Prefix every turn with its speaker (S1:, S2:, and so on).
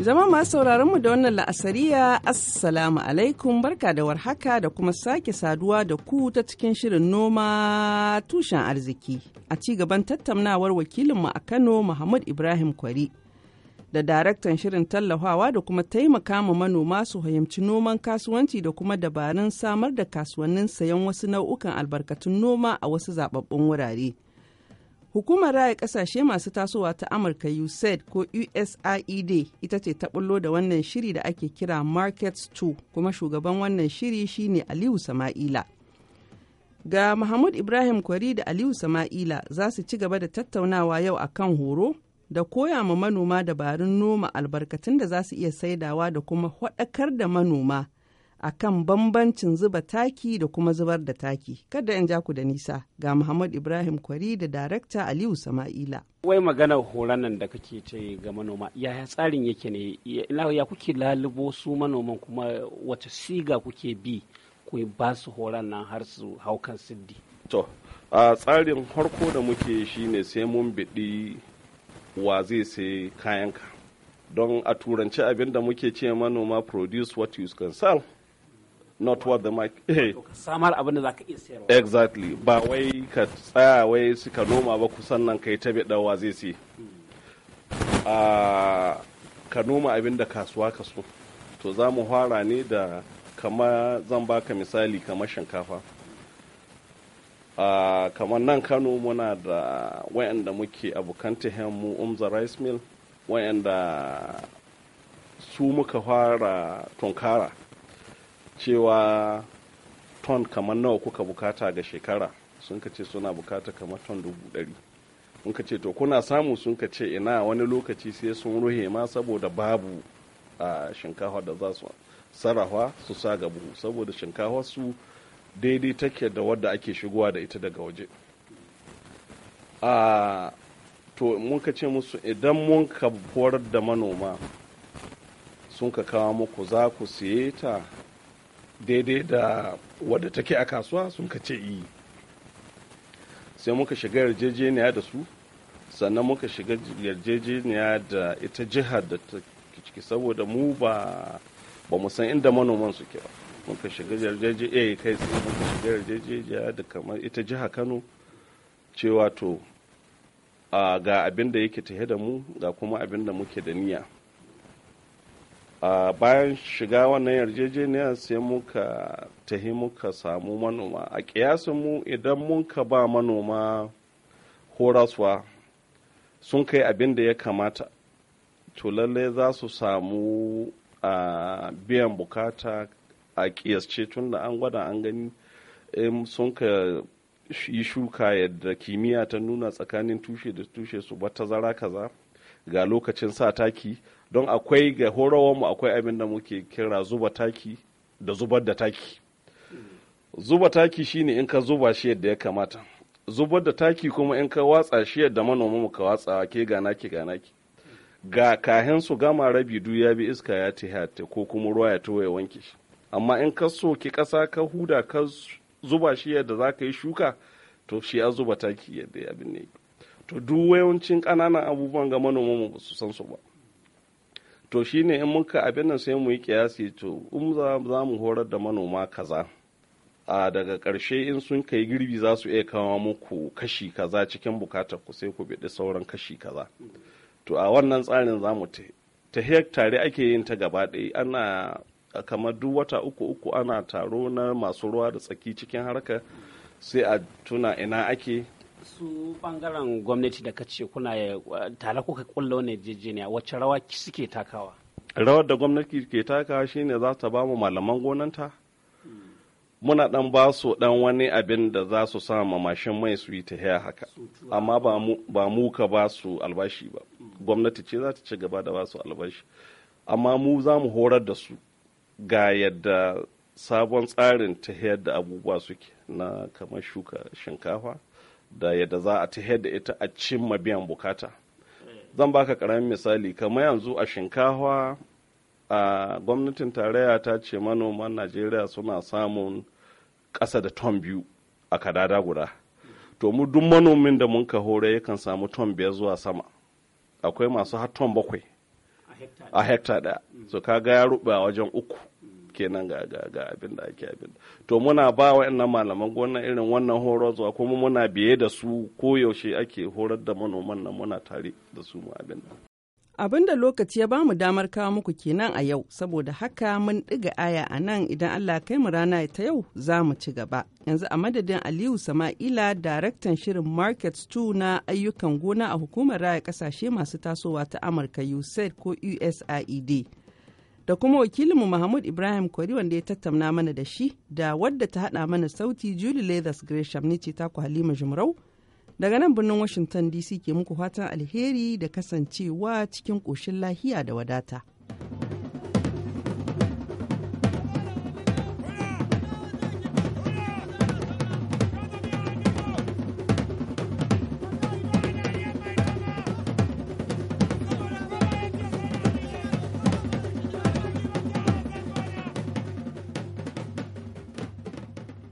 S1: Zama masu sauraronmu da wannan la'asariya Assalamu alaikum barka da warhaka da kuma sake saduwa da ku ta cikin shirin noma tushen arziki a ci gaban tattaunawar wakilinmu a Kano Muhammad Ibrahim Kwari da daraktan shirin tallafawa da kuma taimaka ma manoma su fahimci noman kasuwanci da kuma dabarun samar da kasuwannin sayan wasu nau'ukan albarkatun noma a wasu zababbun wurare. Hukumar raya kasashe masu tasowa ta Amurka USAID ko USAID ita ce ta bullo da wannan shiri da ake kira market 2 kuma shugaban wannan shiri shine Aliyu Sama'ila. Ga Mahmud Ibrahim Kwari da Aliyu Sama'ila za su ci gaba da tattaunawa yau akan horo da koya ma manoma dabarun noma albarkatun da za su iya saidawa da kuma da manoma. akan bambancin zuba taki da kuma zubar da taki. Kada in ja ku da nisa ga Muhammad Ibrahim Kwari da Darakta Aliyu Sama'ila.
S2: Wai magana horan nan da kake ce ga manoma, yaya tsarin yake ne, ya kuke lalubo su manoman kuma wace siga kuke bi ku ba su horon nan har su hau kan siddi. To, a tsarin harko da muke shi ne sai mun biɗi wa zai sai kayanka. don a turanci abin da muke ce manoma produce what you can sell not what the market eh. samar abin da zaka iya sayarwa exactly ba wai ka tsaya wai suka noma ba kusan nan kai ta wa zai ce hmm. ah, ka noma abin da kasuwa ka so to za mu fara ne da kama zan baka misali kamar shinkafa ah, kamar nan kano muna da wayanda muke abokan mu umza rice mill wayanda su muka fara tunkara cewa ton kamar nawa kuka bukata ga shekara sun ka ce suna bukata kamar ton dubu ɗari sun ka ce to kuna samu sun ka ce ina wani lokaci sai sun ruhe ma saboda babu a shinkafa da za su sarrafa su sa ga buhu saboda shinkafa su daidai take da wadda ake shigowa da ita daga waje a to mun ka ce musu idan mun ka horar da manoma sun ka kawo muku za ku siye ta daidai da wadda take a kasuwa sun ka ce yi sai muka shiga yarjejeniya da su sannan muka shiga yarjejeniya da ita jihar da ta ciki saboda mu ba ba mu san inda manoman suke ba muka shiga yarjejeniya eh, kai sai muka shiga yarjejeniya da kamar ita jiha kano cewa to ga abin da yake tahe da mu ga kuma abin da muke da niyya a bayan shiga wannan yarjejeniya sai muka tahi muka samu manoma a kiyasin mu idan muka ba manoma horaswa sun kai abin da ya kamata to lallai za su samu a biyan bukata a kiyasce tun da an gwada an gani sun ka yi shuka yadda kimiyya ta nuna tsakanin tushe da tushe su ba tazara kaza ga lokacin sa taki don akwai ga mu akwai abin da muke kira zuba taki da zubar da taki zuba taki shine in ka zuba shi yadda ya kamata zubar da taki kuma in ka watsa shi yadda mu ka watsa ke gana naki gana naki ga kahin su gama rabi du ya bi iska ya ta ko kuma ruwa ya ta ya wanke shi amma in ka soki kasa ka huda ka zuba shi yadda za ka yi shuka to shi ya zuba taki yadda abin ne to duk yawancin ƙananan abubuwan ga manoma mu su san su ba to shine in muka abin nan sai mu yi kiyasi to in za mu horar da manoma kaza a daga ƙarshe in sun kai girbi za su iya kawo muku kashi kaza cikin bukatar ku sai ku biɗi sauran kashi kaza to a wannan tsarin za mu ta tare ake yin ta gaba ɗaya ana kamar duk wata uku uku ana taro na masu ruwa da tsaki cikin harka sai a tuna ina ake su bangaren gwamnati da kace kuna tare kuka kulla wannan wacce rawa suke takawa rawar da gwamnati ke takawa shine za ta ba mu malaman gonanta muna dan ba su dan wani abin da za su sa mashin mai su yi ta haka amma ba mu ka ba su albashi ba gwamnati ce za ta ci gaba da ba su albashi amma mu za mu horar da su ga yadda sabon tsarin ta da abubuwa suke na kamar shuka shinkafa da yadda za a ta da ita a cimma biyan bukata zan baka karamin misali kamar yanzu a shinkawa a gwamnatin tarayya ta ce manoman najeriya suna samun ƙasa da ton biyu a kadada guda to mu duk manomin da mun ka hore yakan samu ton biyar zuwa sama akwai masu har bakwai a hekta ɗaya mm. so ka ga ya ruɓa wajen uku kenan ga ga abin da ake abin to muna ba wa'annan malaman gona irin wannan zuwa kuma muna biye da su koyaushe ake horar da manoman nan muna tare da su mu abin
S1: abin da lokaci ya bamu damar kawo muku kenan a yau saboda haka mun ɗiga aya a nan idan Allah kai mu rana ta yau za mu ci gaba yanzu a madadin Aliyu Sama'ila daraktan shirin Market 2 na ayyukan gona a hukumar raya kasashe masu tasowa ta Amurka USAID ko USAID da kuma wakilinmu Mahmud Ibrahim Kori wanda ya tattauna mana da shi da wadda ta haɗa mana sauti Julie Leathers Gresham ne ce taku Halima Jumrau. Daga nan birnin Washington DC ke muku fatan alheri da kasancewa cikin ƙoshin lahiya da wadata.